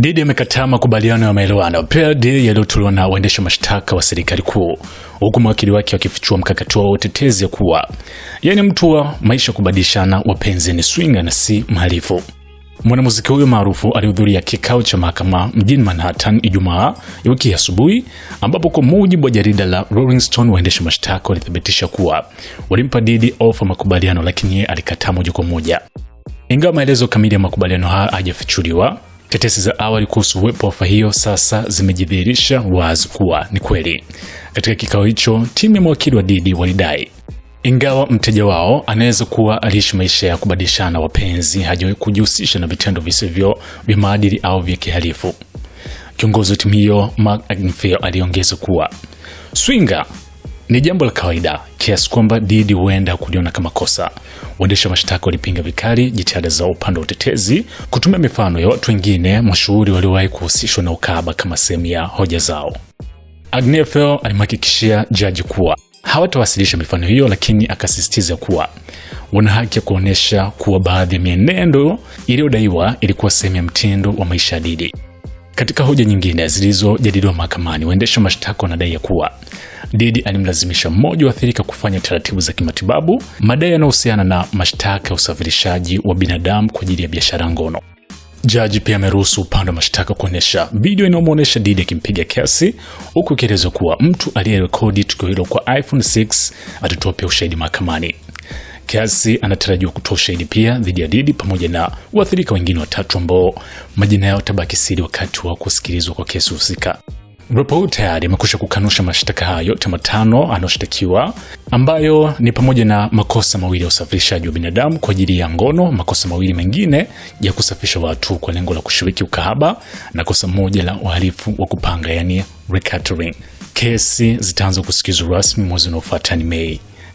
Dede amekataa makubaliano ya maelewano PLD yaliyotolewa na waendesha mashtaka wa serikali kuu, huku mawakili wake wakifichua mkakati wa utetezi ya kuwa yeye ni mtu wa maisha ya kubadilishana, wapenzi ni swinga na si mhalifu. Mwanamuziki huyo maarufu alihudhuria kikao cha mahakama mjini Manhattan Ijumaa ya wiki asubuhi, ambapo kwa mujibu wa jarida la Rolling Stone waendesha mashtaka walithibitisha kuwa walimpa Didi ofa makubaliano, lakini yeye alikataa moja kwa moja, ingawa maelezo kamili ya makubaliano hayo hajafichuliwa. Tetesi za awali kuhusu uwepo wa ofa hiyo sasa zimejidhihirisha wazi kuwa ni kweli. Katika kikao hicho, timu ya mawakili wa Didi walidai ingawa mteja wao anaweza kuwa aliishi maisha ya kubadilishana wapenzi, hajawahi kujihusisha na vitendo visivyo vya maadili au vya kihalifu. Kiongozi wa timu hiyo Mark Agnifilo aliongeza kuwa Swinga ni jambo la kawaida kiasi kwamba didi huenda kuliona kama kosa. Waendesha mashtaka walipinga vikali jitihada za upande wa utetezi kutumia mifano ya watu wengine mashuhuri waliowahi kuhusishwa na ukaba kama sehemu ya hoja zao. agnefel alimhakikishia jaji kuwa hawatawasilisha mifano hiyo, lakini akasisitiza kuwa wana haki ya kuonyesha kuwa baadhi ya mienendo iliyodaiwa ilikuwa sehemu ya mtindo wa maisha ya didi katika hoja nyingine zilizojadiliwa mahakamani, waendesha mashtaka wanadai ya kuwa didi alimlazimisha mmoja wa athirika kufanya taratibu za kimatibabu, madai yanayohusiana na mashtaka ya usafirishaji wa binadamu kwa ajili ya biashara ngono. Jaji pia ameruhusu upande wa mashtaka kuonyesha video inayomwonyesha didi akimpiga kiasi, huku ikielezwa kuwa mtu aliyerekodi tukio hilo kwa iPhone 6 atatoa pia ushahidi mahakamani kiasi anatarajiwa kutosha ili pia dhidi ya Didi pamoja na waathirika wengine watatu ambao majina yao tabaki siri wakati wa kusikilizwa kwa kesi husika. Rappo tayari amekwisha kukanusha mashtaka hayo yote matano anayoshtakiwa ambayo ni pamoja na makosa mawili ya usafirishaji wa binadamu kwa ajili ya ngono, makosa mawili mengine ya kusafirisha watu kwa lengo la kushiriki ukahaba na kosa moja la uhalifu wa kupanga yani racketeering. Kesi zitaanza kusikizwa rasmi mwezi unaofuata ni Mei.